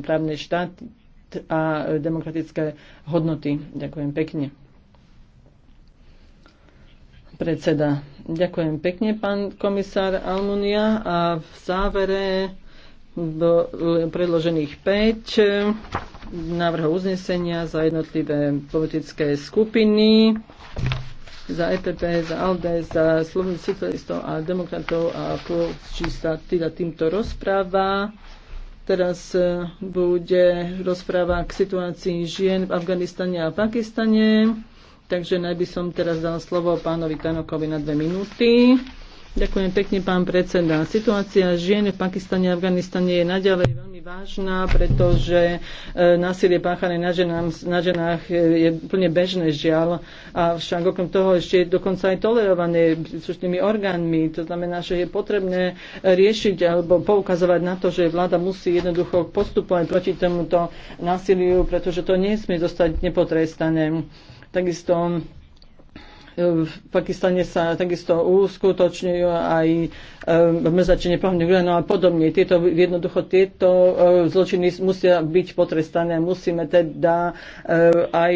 právny štát a demokratické hodnoty. Ďakujem pekne. Predseda. Ďakujem pekne, pán komisár Almunia. A v závere e, predložených 5 e, návrhov uznesenia za jednotlivé politické skupiny za EPP, za ALDE, za slovných socialistov a demokratov a čísla teda týmto rozpráva. Teraz e, bude rozpráva k situácii žien v Afganistane a Pakistane. Takže najby som teraz dal slovo pánovi Tanokovi na dve minúty. Ďakujem pekne, pán predseda. Situácia žien v Pakistane a Afganistane je naďalej veľmi vážna, pretože e, násilie páchané na, ženám, na ženách e, je plne bežné žiaľ. A však okrem toho ešte je dokonca aj tolerované príslušnými orgánmi. To znamená, že je potrebné riešiť alebo poukazovať na to, že vláda musí jednoducho postupovať proti tomuto násiliu, pretože to nesmie zostať nepotrestané. Takisto v Pakistane sa takisto uskutočňujú aj e, mrzačenie plavných uranov a podobne. Tieto, jednoducho tieto e, zločiny musia byť potrestané. Musíme teda e, aj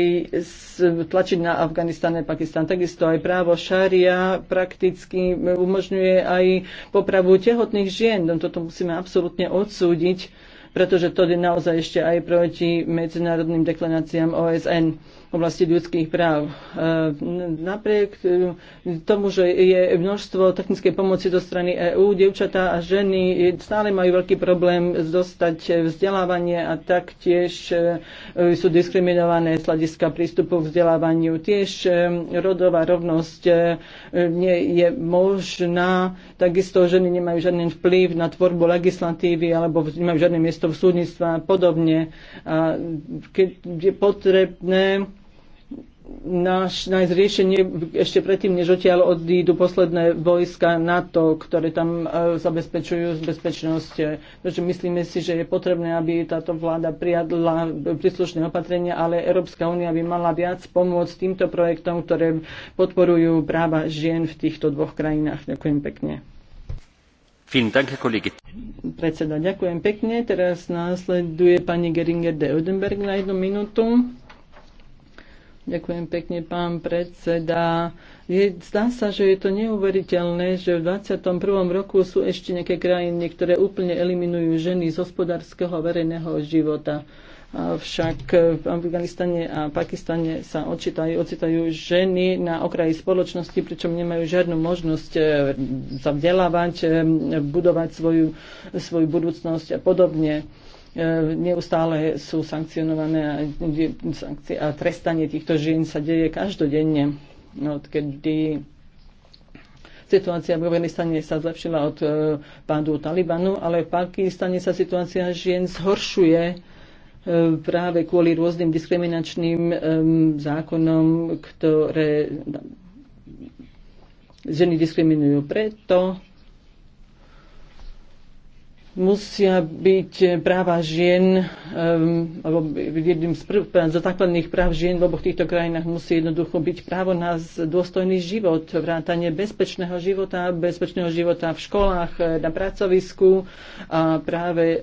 tlačiť na Afganistane Pakistan. Takisto aj právo šaria prakticky umožňuje aj popravu tehotných žien. No, toto musíme absolútne odsúdiť pretože to je naozaj ešte aj proti medzinárodným deklaráciám OSN oblasti ľudských práv. E, napriek e, tomu, že je množstvo technickej pomoci zo strany EÚ, devčatá a ženy stále majú veľký problém dostať vzdelávanie a taktiež e, sú diskriminované z hľadiska prístupu k vzdelávaniu. Tiež rodová rovnosť nie je možná. Takisto ženy nemajú žiadny vplyv na tvorbu legislatívy alebo nemajú žiadne miesto v súdnictve a podobne. keď je potrebné náš, nájsť riešenie ešte predtým, než odtiaľ odídu posledné vojska NATO, ktoré tam e, zabezpečujú bezpečnosť. Takže myslíme si, že je potrebné, aby táto vláda prijadla príslušné opatrenia, ale Európska únia by mala viac pomôcť týmto projektom, ktoré podporujú práva žien v týchto dvoch krajinách. Ďakujem pekne. Predseda, ďakujem pekne. Teraz následuje pani Geringer de Odenberg na jednu minútu. Ďakujem pekne, pán predseda. Je, zdá sa, že je to neuveriteľné, že v 21. roku sú ešte nejaké krajiny, ktoré úplne eliminujú ženy z hospodárskeho verejného života. Avšak v Afganistane a Pakistane sa ocitajú, ocitajú ženy na okraji spoločnosti, pričom nemajú žiadnu možnosť sa eh, vzdelávať, eh, budovať svoju, svoju budúcnosť a podobne neustále sú sankcionované a, sankcie a trestanie týchto žien sa deje každodenne, odkedy Situácia v Afganistane sa zlepšila od e, pádu Talibanu, ale v Pakistane sa situácia žien zhoršuje e, práve kvôli rôznym diskriminačným e, zákonom, ktoré ženy diskriminujú. Preto musia byť eh, práva žien, um, alebo jedným z prv, eh, základných práv žien v oboch týchto krajinách musí jednoducho byť právo na dôstojný život, vrátanie bezpečného života, bezpečného života v školách, eh, na pracovisku. A práve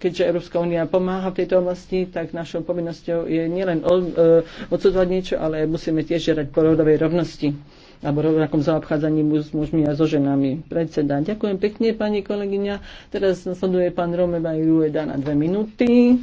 keďže Európska únia pomáha v tejto oblasti, tak našou povinnosťou je nielen odsudovať niečo, ale musíme tiež žiadať porodovej rovnosti alebo rovnakom zaobchádzaní s mužmi a so ženami. Predseda, ďakujem pekne, pani kolegyňa. Teraz nasleduje pán Romeva Irueda na dve minúty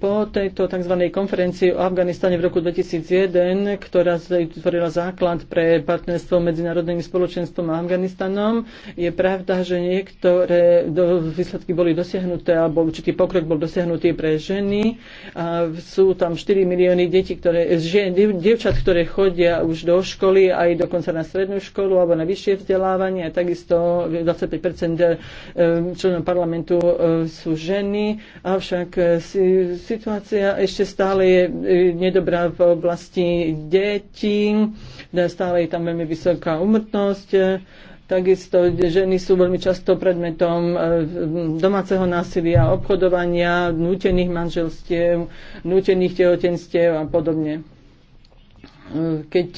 po tejto tzv. konferencii o Afganistane v roku 2001, ktorá vytvorila základ pre partnerstvo medzinárodným spoločenstvom a Afganistanom, je pravda, že niektoré výsledky boli dosiahnuté alebo určitý pokrok bol dosiahnutý pre ženy. A sú tam 4 milióny detí, ktoré, žien, dievčat, ktoré chodia už do školy, aj dokonca na strednú školu alebo na vyššie vzdelávanie. A takisto 25 eh, členov parlamentu eh, sú ženy, avšak si Situácia ešte stále je e, nedobrá v oblasti detí, stále je tam veľmi vysoká umrtnosť. E, takisto ženy sú veľmi často predmetom e, domáceho násilia, obchodovania, nútených manželstiev, nútených tehotenstiev a podobne. Keď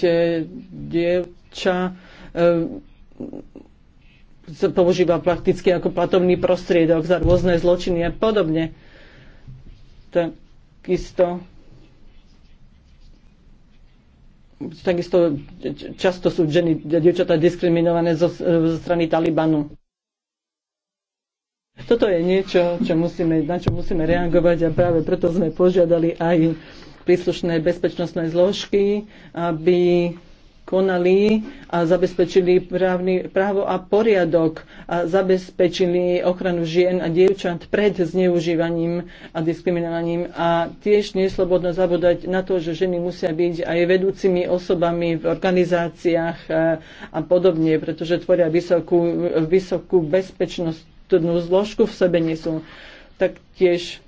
dievča používa prakticky ako platovný prostriedok za rôzne zločiny a podobne takisto takisto často sú ženy, dievčatá diskriminované zo, zo strany Talibanu. Toto je niečo, čo musíme, na čo musíme reagovať a práve preto sme požiadali aj príslušné bezpečnostné zložky, aby konali a zabezpečili právny, právo a poriadok a zabezpečili ochranu žien a dievčat pred zneužívaním a diskriminovaním. A tiež neslobodno zabúdať na to, že ženy musia byť aj vedúcimi osobami v organizáciách e, a podobne, pretože tvoria vysokú, vysokú bezpečnostnú zložku v sebe nesú. Taktiež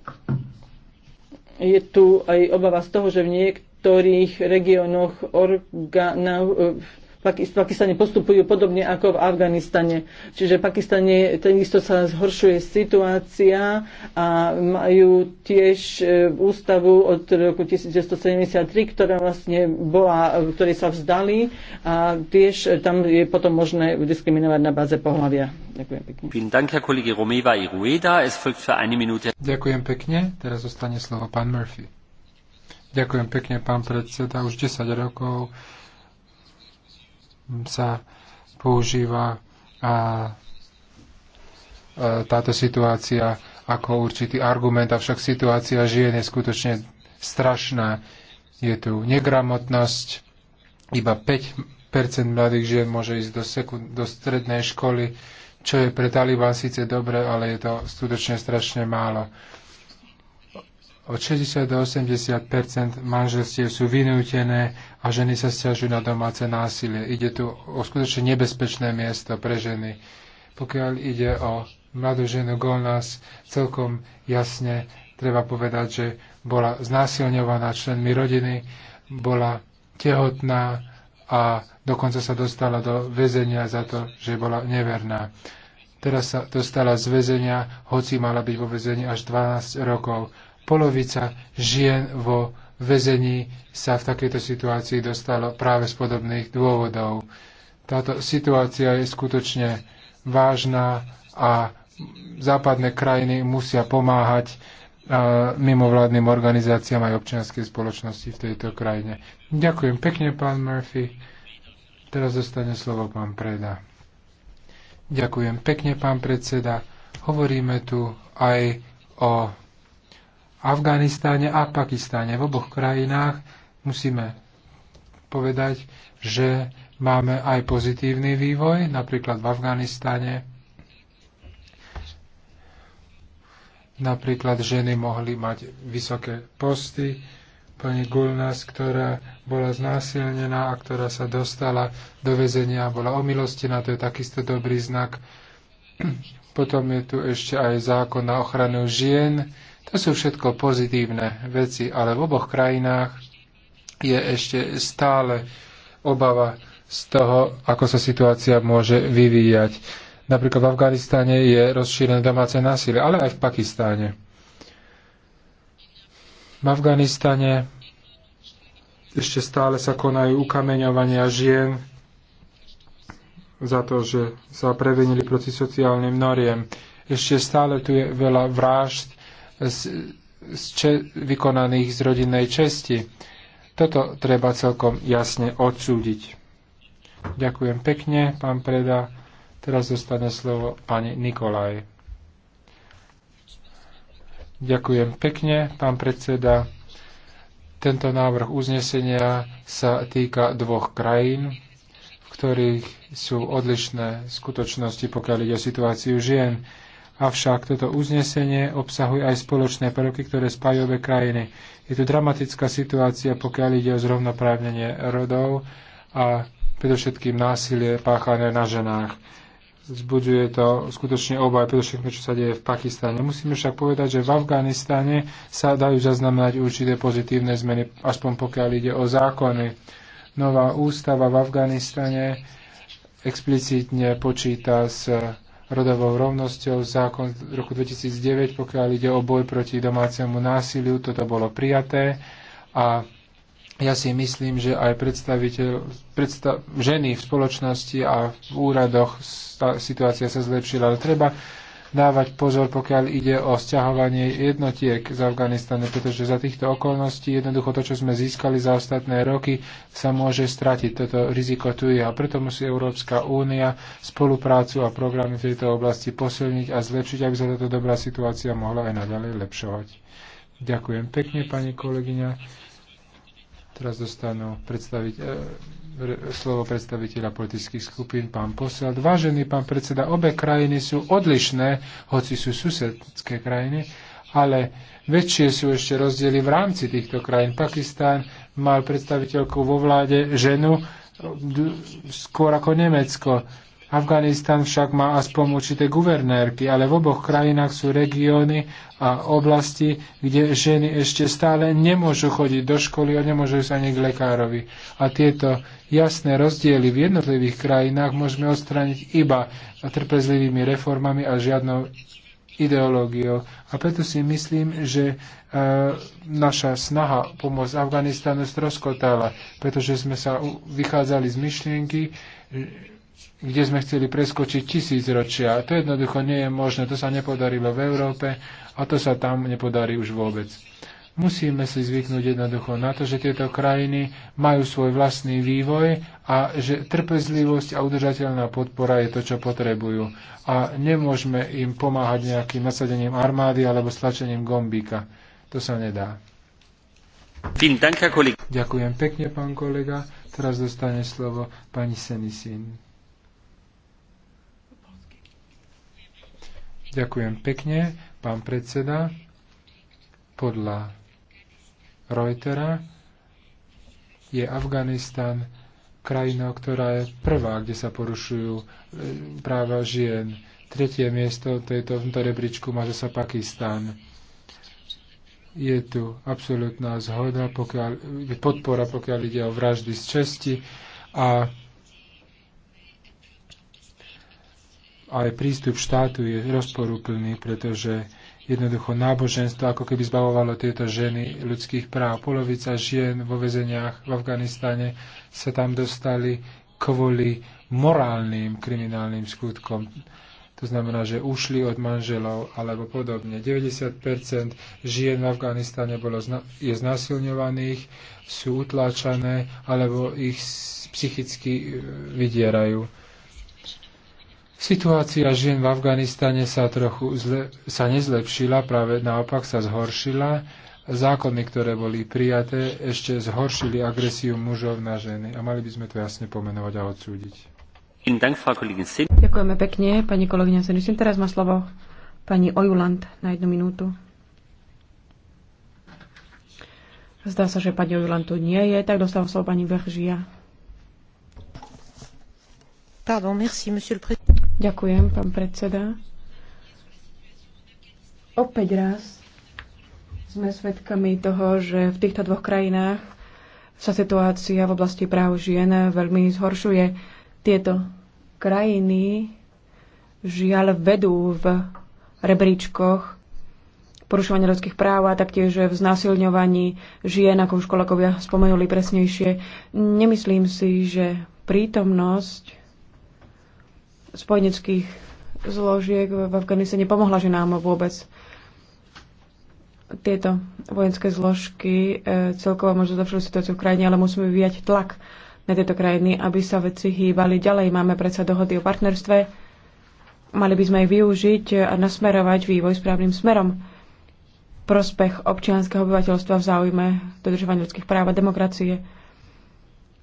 je tu aj obava z toho, že v niek- niektorých regiónoch e, v Pakistane postupujú podobne ako v Afganistane. Čiže v Pakistane takisto sa zhoršuje situácia a majú tiež e, ústavu od roku 1973, ktorá vlastne bola, e, ktorej sa vzdali a tiež tam je potom možné diskriminovať na báze pohľavia. Ďakujem pekne. Ďakujem pekne. Teraz zostane slovo pán Murphy. Ďakujem pekne, pán predseda. Už 10 rokov sa používa a, táto situácia ako určitý argument, avšak situácia žien je skutočne strašná. Je tu negramotnosť, iba 5% mladých žien môže ísť do, sekund- do strednej školy, čo je pre Taliban síce dobre, ale je to skutočne strašne málo od 60 do 80 manželstiev sú vynútené a ženy sa stiažujú na domáce násilie. Ide tu o skutočne nebezpečné miesto pre ženy. Pokiaľ ide o mladú ženu Golnás, celkom jasne treba povedať, že bola znásilňovaná členmi rodiny, bola tehotná a dokonca sa dostala do väzenia za to, že bola neverná. Teraz sa dostala z väzenia, hoci mala byť vo väzení až 12 rokov Polovica žien vo väzení sa v takejto situácii dostalo práve z podobných dôvodov. Táto situácia je skutočne vážna a západné krajiny musia pomáhať mimovládnym organizáciám aj občianskej spoločnosti v tejto krajine. Ďakujem pekne, pán Murphy. Teraz dostane slovo pán Preda. Ďakujem pekne, pán predseda. Hovoríme tu aj o Afganistáne a Pakistáne. V oboch krajinách musíme povedať, že máme aj pozitívny vývoj, napríklad v Afganistáne. Napríklad ženy mohli mať vysoké posty. Pani Gulnas, ktorá bola znásilnená a ktorá sa dostala do väzenia a bola omilostená, to je takisto dobrý znak. Potom je tu ešte aj zákon na ochranu žien, to sú všetko pozitívne veci, ale v oboch krajinách je ešte stále obava z toho, ako sa situácia môže vyvíjať. Napríklad v Afganistáne je rozšírené domáce násilie, ale aj v Pakistáne. V Afganistane ešte stále sa konajú ukameňovania žien za to, že sa prevenili proti sociálnym noriem. Ešte stále tu je veľa vražd z, z če- vykonaných z rodinnej česti. Toto treba celkom jasne odsúdiť. Ďakujem pekne, pán Preda. Teraz dostane slovo pani Nikolaj. Ďakujem pekne, pán predseda. Tento návrh uznesenia sa týka dvoch krajín, v ktorých sú odlišné skutočnosti, pokiaľ ide o situáciu žien. Avšak toto uznesenie obsahuje aj spoločné prvky, ktoré spájajú obe krajiny. Je tu dramatická situácia, pokiaľ ide o zrovnoprávnenie rodov a predovšetkým násilie páchané na ženách. Zbudzuje to skutočne obaj, predovšetkým, čo sa deje v Pakistane. Musíme však povedať, že v Afganistane sa dajú zaznamenať určité pozitívne zmeny, aspoň pokiaľ ide o zákony. Nová ústava v Afganistane explicitne počíta s rodovou rovnosťou, zákon z roku 2009, pokiaľ ide o boj proti domácemu násiliu, toto bolo prijaté a ja si myslím, že aj predstaviteľ, predstav, ženy v spoločnosti a v úradoch situácia sa zlepšila, ale treba dávať pozor, pokiaľ ide o sťahovanie jednotiek z Afganistanu, pretože za týchto okolností jednoducho to, čo sme získali za ostatné roky, sa môže stratiť. Toto riziko tu je a preto musí Európska únia spoluprácu a programy v tejto oblasti posilniť a zlepšiť, aby sa táto dobrá situácia mohla aj naďalej lepšovať. Ďakujem pekne, pani kolegyňa. Teraz dostanú predstaviť, e, slovo predstaviteľa politických skupín, pán posel. Vážený pán predseda, obe krajiny sú odlišné, hoci sú susedské krajiny, ale väčšie sú ešte rozdiely v rámci týchto krajín. Pakistán mal predstaviteľku vo vláde ženu e, skôr ako Nemecko. Afganistan však má aspoň určité guvernérky, ale v oboch krajinách sú regióny a oblasti, kde ženy ešte stále nemôžu chodiť do školy a nemôžu sa ani k lekárovi. A tieto jasné rozdiely v jednotlivých krajinách môžeme odstrániť iba trpezlivými reformami a žiadnou ideológiou. A preto si myslím, že e, naša snaha pomôcť Afganistanu stroskotala, pretože sme sa vychádzali z myšlienky, kde sme chceli preskočiť tisícročia. To jednoducho nie je možné, to sa nepodarilo v Európe a to sa tam nepodarí už vôbec. Musíme si zvyknúť jednoducho na to, že tieto krajiny majú svoj vlastný vývoj a že trpezlivosť a udržateľná podpora je to, čo potrebujú. A nemôžeme im pomáhať nejakým nasadením armády alebo stlačením gombíka. To sa nedá. Ďakujem pekne, pán kolega. Teraz dostane slovo pani Senisin. Ďakujem pekne, pán predseda. Podľa Reutera je Afganistan krajina, ktorá je prvá, kde sa porušujú e, práva žien. Tretie miesto tejto, v tomto rebríčku má zase Pakistan. Je tu absolútna zhoda, pokiaľ, podpora, pokiaľ ide o vraždy z česti a aj prístup štátu je rozporúplný, pretože jednoducho náboženstvo ako keby zbavovalo tieto ženy ľudských práv. Polovica žien vo väzeniach v Afganistane sa tam dostali kvôli morálnym kriminálnym skutkom. To znamená, že ušli od manželov alebo podobne. 90% žien v Afganistane bolo, je znasilňovaných, sú utláčané alebo ich psychicky vydierajú. Situácia žien v Afganistane sa trochu zle, sa nezlepšila, práve naopak sa zhoršila. Zákony, ktoré boli prijaté, ešte zhoršili agresiu mužov na ženy a mali by sme to jasne pomenovať a odsúdiť. Ďakujeme pekne, pani kolegyňa Senusin. Teraz má slovo pani Ojuland na jednu minútu. Zdá sa, že pani Ojuland tu nie je, tak dostávam slovo pani Veržia. Ďakujem, pán predseda. Opäť raz sme svedkami toho, že v týchto dvoch krajinách sa situácia v oblasti práv žien veľmi zhoršuje. Tieto krajiny žiaľ vedú v rebríčkoch porušovania ľudských práv a taktiež v znásilňovaní žien, ako už kolegovia spomenuli presnejšie. Nemyslím si, že prítomnosť spojeneckých zložiek v Afganistane pomohla ženám vôbec. Tieto vojenské zložky e, celkovo možno zlepšili situáciu v krajine, ale musíme vyvíjať tlak na tieto krajiny, aby sa veci hýbali ďalej. Máme predsa dohody o partnerstve, mali by sme ich využiť a nasmerovať vývoj správnym smerom. Prospech občianského obyvateľstva v záujme dodržovania ľudských práv a demokracie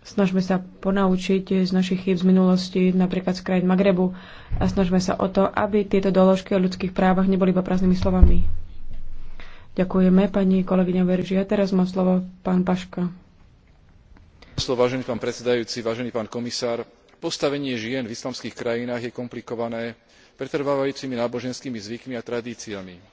snažme sa ponaučiť z našich chýb z minulosti, napríklad z krajín Magrebu, a snažme sa o to, aby tieto doložky o ľudských právach neboli iba prázdnymi slovami. Ďakujeme pani kolegyňa Verži. A teraz má slovo pán Paška. Slovo, vážený pán predsedajúci, vážený pán komisár. Postavenie žien v islamských krajinách je komplikované pretrvávajúcimi náboženskými zvykmi a tradíciami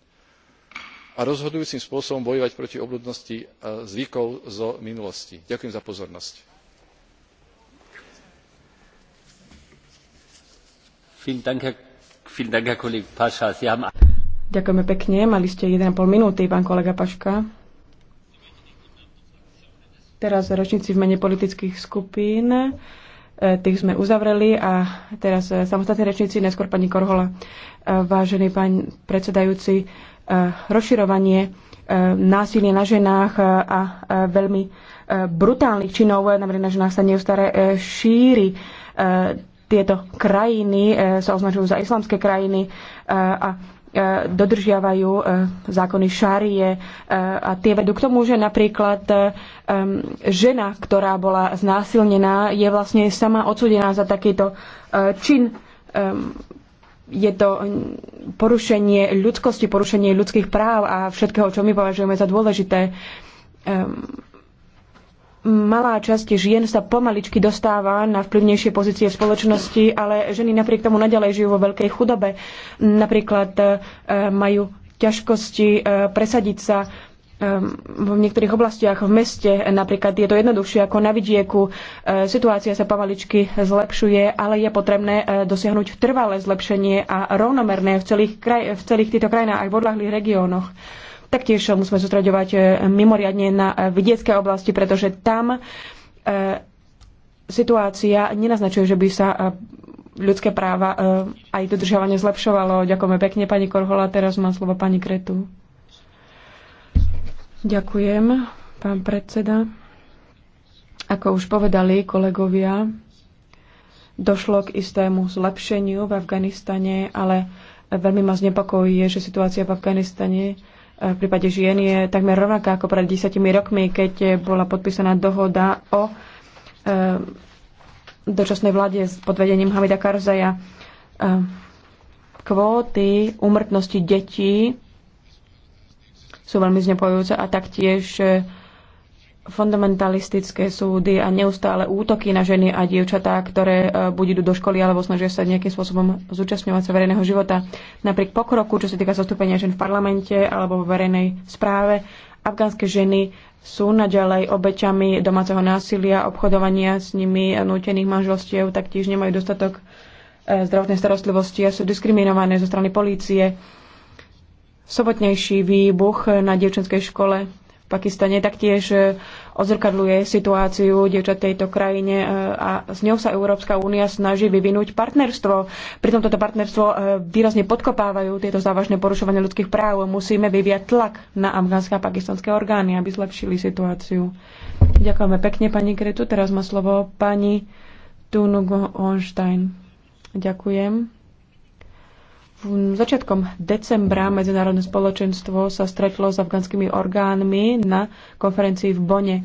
a rozhodujúcim spôsobom bojovať proti obľudnosti zvykov z minulosti. ďakujem za pozornosť. Ďakujeme pekne. Mali ste 1,5 minúty, pán kolega Paška. Teraz ročníci v mene politických skupín e, tých sme uzavreli a teraz e, samostatní rečníci, neskôr pani Korhola. E, vážený pán predsedajúci, E, rozširovanie e, násilie na ženách e, a veľmi brutálnych činov napríklad na ženách sa neustále šíri. Tieto krajiny sa označujú za islamské krajiny a dodržiavajú zákony šárie a tie vedú k tomu, že napríklad žena, ktorá bola znásilnená, je vlastne sama odsudená za takýto čin je to porušenie ľudskosti, porušenie ľudských práv a všetkého, čo my považujeme za dôležité. Ehm, malá časť žien sa pomaličky dostáva na vplyvnejšie pozície v spoločnosti, ale ženy napriek tomu naďalej žijú vo veľkej chudobe. Napríklad eh, majú ťažkosti eh, presadiť sa Ehm, v niektorých oblastiach v meste napríklad je to jednoduchšie ako na vidieku. Ehm, situácia sa pomaličky zlepšuje, ale je potrebné ehm, dosiahnuť trvalé zlepšenie a rovnomerné v celých, kraj, v celých týchto krajinách aj v odlahlých regiónoch. Taktiež musíme sústreďovať mimoriadne na vidiecké oblasti, pretože tam situácia nenaznačuje, že by sa ľudské práva aj dodržiavanie zlepšovalo. Ďakujeme pekne, pani Korhola. Teraz má slovo pani Kretu. Ďakujem, pán predseda. Ako už povedali kolegovia, došlo k istému zlepšeniu v Afganistane, ale veľmi ma znepokojí, že situácia v Afganistane e, v prípade žien je takmer rovnaká ako pred desiatimi rokmi, keď bola podpísaná dohoda o e, dočasnej vláde s podvedením Hamida Karzaja. E, kvóty umrtnosti detí sú veľmi znepojujúce a taktiež e, fundamentalistické súdy a neustále útoky na ženy a dievčatá, ktoré e, buď idú do školy alebo snažia sa nejakým spôsobom zúčastňovať sa verejného života. Napriek pokroku, čo sa týka zastúpenia žen v parlamente alebo vo verejnej správe, afgánske ženy sú naďalej obeťami domáceho násilia, obchodovania s nimi, nútených manželstiev, taktiež nemajú dostatok e, zdravotnej starostlivosti a sú diskriminované zo strany polície sobotnejší výbuch na dievčenskej škole v Pakistane taktiež e, odzrkadluje situáciu dievčat tejto krajine e, a s ňou sa Európska únia snaží vyvinúť partnerstvo. Pritom toto partnerstvo e, výrazne podkopávajú tieto závažné porušovanie ľudských práv. Musíme vyviať tlak na afgánske a pakistanské orgány, aby zlepšili situáciu. Ďakujeme pekne, pani Kretu. Teraz má slovo pani Tunugo Onstein. Ďakujem. V začiatkom decembra medzinárodné spoločenstvo sa stretlo s afganskými orgánmi na konferencii v Bone.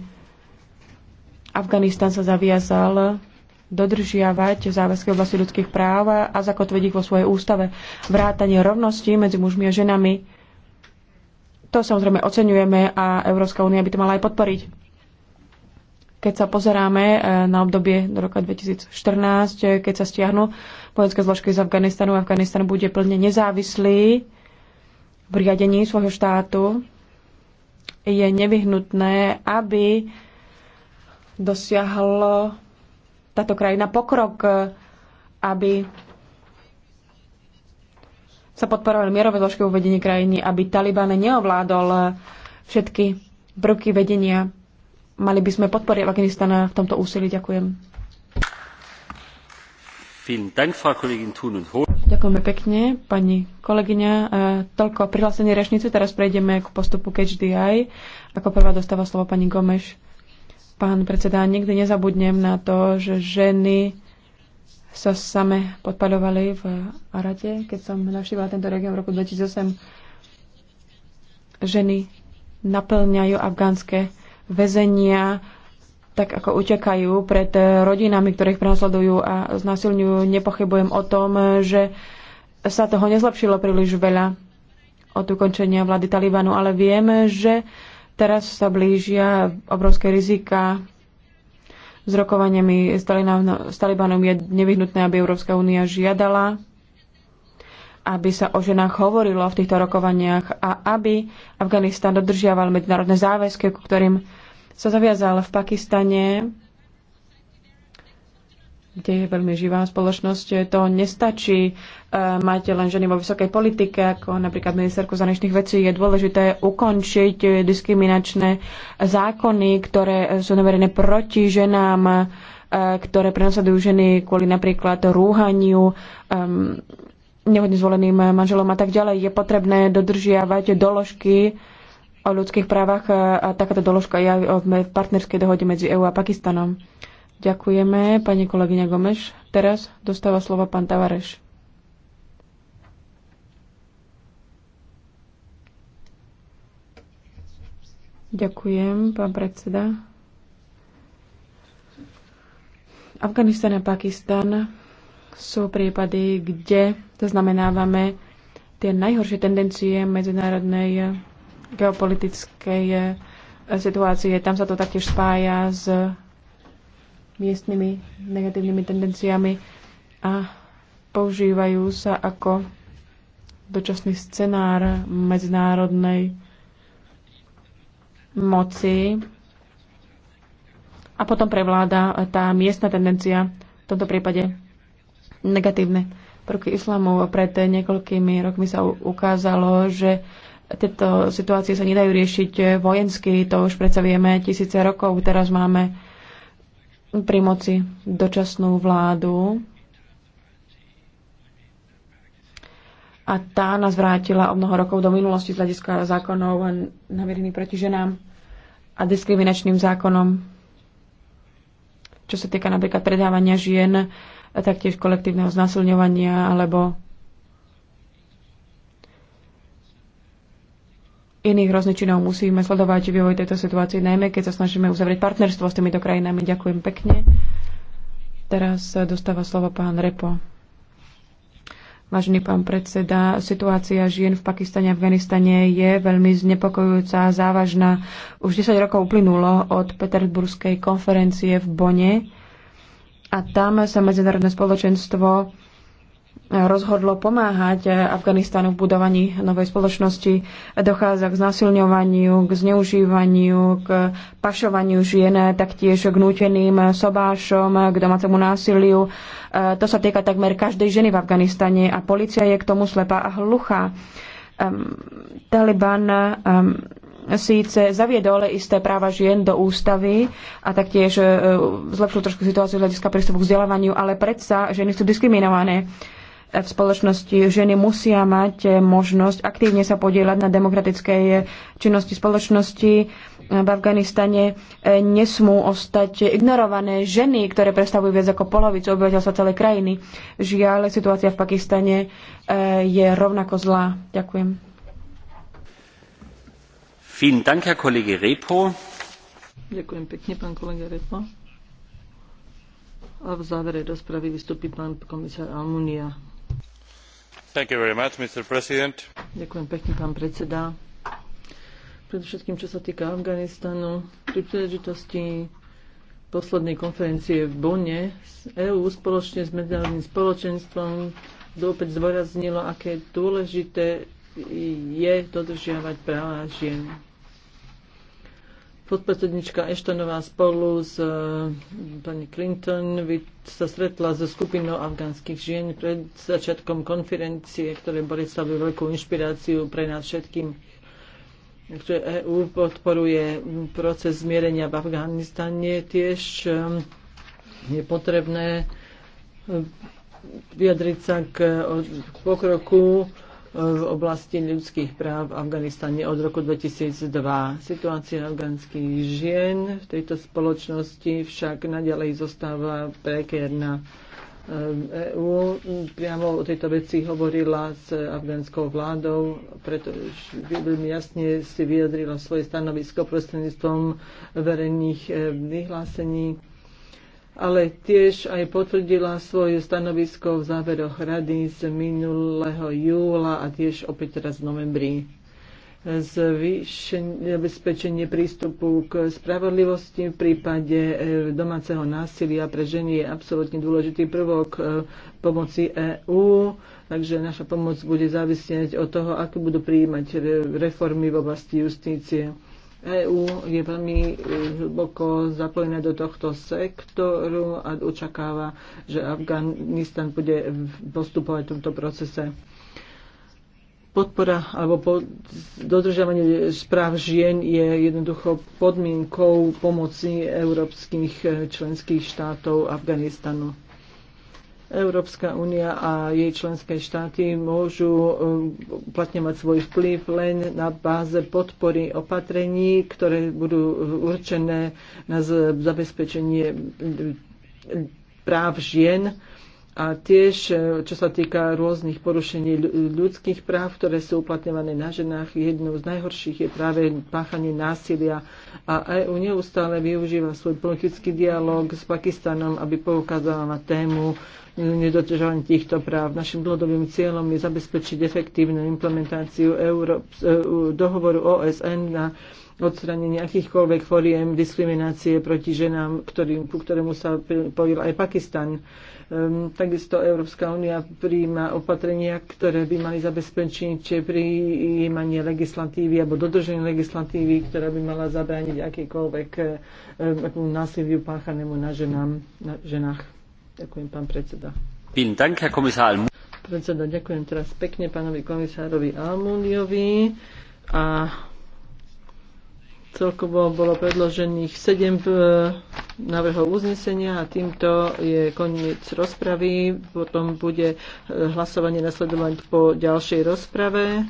Afganistan sa zaviazal dodržiavať záväzky oblasti ľudských práv a zakotviť ich vo svojej ústave. Vrátanie rovnosti medzi mužmi a ženami. To samozrejme oceňujeme a Európska únia by to mala aj podporiť. Keď sa pozeráme e, na obdobie do roka 2014, e, keď sa stiahnu vojenské zložky z Afganistanu, Afganistan bude plne nezávislý v riadení svojho štátu, je nevyhnutné, aby dosiahlo táto krajina pokrok, e, aby sa podporovali mierové zložky vo vedení krajiny, aby Taliban neovládol všetky prvky vedenia mali by sme podporiť Afganistana v tomto úsilí. Ďakujem. Ďakujeme pekne, pani kolegyňa. E, toľko prihlásenie rečnice. Teraz prejdeme k postupu KDI. Ako prvá dostáva slovo pani Gomeš. Pán predseda, nikdy nezabudnem na to, že ženy sa same podpaľovali v Arate, keď som navštívala tento región v roku 2008. Ženy naplňajú afgánske väzenia, tak ako utekajú pred rodinami, ktorých prenasledujú a znásilňujú. Nepochybujem o tom, že sa toho nezlepšilo príliš veľa od ukončenia vlády Talibanu, ale vieme, že teraz sa blížia obrovské rizika s rokovaniami s, Talibanom je nevyhnutné, aby Európska únia žiadala aby sa o ženách hovorilo v týchto rokovaniach a aby Afganistan dodržiaval medzinárodné záväzky, ku ktorým sa zaviazal v Pakistane, kde je veľmi živá spoločnosť. To nestačí. Eh, mať len ženy vo vysokej politike, ako napríklad ministerku zahraničných vecí. Je dôležité ukončiť diskriminačné zákony, ktoré sú naverené proti ženám, eh, ktoré prenasledujú ženy kvôli napríklad rúhaniu, ehm, nehodne zvoleným manželom a tak ďalej. Je potrebné dodržiavať doložky o ľudských právach a takáto doložka je v partnerskej dohode medzi EU a Pakistanom. Ďakujeme, pani kolegyňa Gomeš. Teraz dostáva slovo pán Tavareš. Ďakujem, pán predseda. Afganistan a Pakistan sú prípady, kde zaznamenávame tie najhoršie tendencie medzinárodnej eh, geopolitickej eh, situácie. Tam sa to taktiež spája s miestnymi negatívnymi tendenciami a používajú sa ako dočasný scenár medzinárodnej moci a potom prevláda tá miestna tendencia v tomto prípade negatívne prvky islamu. Pred niekoľkými rokmi sa ukázalo, že tieto situácie sa nedajú riešiť eh, vojensky, to už predsa vieme tisíce rokov. Teraz máme pri moci dočasnú vládu a tá nás vrátila o mnoho rokov do minulosti z hľadiska zákonov namierených proti ženám a diskriminačným zákonom, čo sa týka napríklad predávania žien a taktiež kolektívneho znasilňovania alebo iných činov musíme sledovať vývoj tejto situácie, najmä keď sa snažíme uzavrieť partnerstvo s týmito krajinami. Ďakujem pekne. Teraz dostáva slovo pán Repo. Vážený pán predseda, situácia žien v Pakistane a Afganistane je veľmi znepokojujúca a závažná. Už 10 rokov uplynulo od Peterburskej konferencie v Bone, a tam sa medzinárodné spoločenstvo rozhodlo pomáhať Afganistanu v budovaní novej spoločnosti. Dochádza k znasilňovaniu, k zneužívaniu, k pašovaniu žien, taktiež k núteným sobášom, k domácemu násiliu. E, to sa týka takmer každej ženy v Afganistane a policia je k tomu slepá a hluchá. Um, Taliban um, síce zaviedol isté práva žien do ústavy a taktiež e, zlepšil trošku situáciu z hľadiska prístupu k vzdelávaniu, ale predsa ženy sú diskriminované v spoločnosti. Ženy musia mať možnosť aktívne sa podielať na demokratickej činnosti spoločnosti. V Afganistane e, nesmú ostať ignorované ženy, ktoré predstavujú viac ako polovicu obyvateľstva celej krajiny. Žiaľ, situácia v Pakistane e, je rovnako zlá. Ďakujem. Ďakujem pekne, pán kolega Repo. A v závere rozpravy vystúpi pán komisár Almunia. Much, Ďakujem pekne, pán predseda. Predovšetkým, čo sa týka Afganistanu, pri príležitosti poslednej konferencie v s EÚ spoločne s medzinárodným spoločenstvom opäť zdôraznilo, aké dôležité je dodržiavať práva žien podpredsednička Eštonová spolu s uh, pani Clinton sa stretla so skupinou afgánskych žien pred začiatkom konferencie, ktoré boli stavili veľkú inšpiráciu pre nás všetkým. Takže EU podporuje proces zmierenia v Afganistane. Tiež um, je potrebné um, vyjadriť sa k, k pokroku v oblasti ľudských práv v Afganistane od roku 2002. Situácia afgánskych žien v tejto spoločnosti však nadalej zostáva prekérna. EU ehm, e priamo o tejto veci hovorila s afgánskou vládou, pretože veľmi jasne si vyjadrila svoje stanovisko prostredníctvom verejných ehm, vyhlásení ale tiež aj potvrdila svoje stanovisko v záveroch rady z minulého júla a tiež opäť teraz v novembri zabezpečenie prístupu k spravodlivosti v prípade eh, domáceho násilia pre ženy je absolútne dôležitý prvok eh, pomoci EÚ, takže naša pomoc bude závisieť od toho, ako budú prijímať reformy v oblasti justície. EÚ je veľmi e, hlboko zapojené do tohto sektoru a očakáva, že Afganistan bude postupovať v tomto procese podpora alebo pod, dodržiavanie správ žien je jednoducho podmienkou pomoci európskych členských štátov Afganistanu. Európska únia a jej členské štáty môžu um, uplatňovať svoj vplyv len na báze podpory opatrení, ktoré budú uh, určené na zabezpečenie um, práv žien a tiež, e, čo sa týka rôznych porušení ľudských práv, ktoré sú uplatňované na ženách, jednou z najhorších je práve páchanie násilia. A EU neustále využíva svoj politický dialog s Pakistanom, aby poukázala na tému e, nedodržovanie týchto práv. Našim dlhodobým cieľom je zabezpečiť efektívnu implementáciu Euró- e dohovoru OSN na odstranenie akýchkoľvek foriem diskriminácie proti ženám, ktorým, ku ktorému sa pojil aj Pakistan. Um, takisto Európska únia príjma opatrenia, ktoré by mali zabezpečiť prijímanie legislatívy alebo dodrženie legislatívy, ktorá by mala zabrániť akýkoľvek um, násiliu páchanému na, ženám, na ženách. Ďakujem, pán predseda. Predseda, ďakujem teraz pekne pánovi komisárovi Almuniovi a Celkovo bolo predložených 7 e, návrhov uznesenia a týmto je koniec rozpravy. Potom bude e, hlasovanie nasledovať po ďalšej rozprave.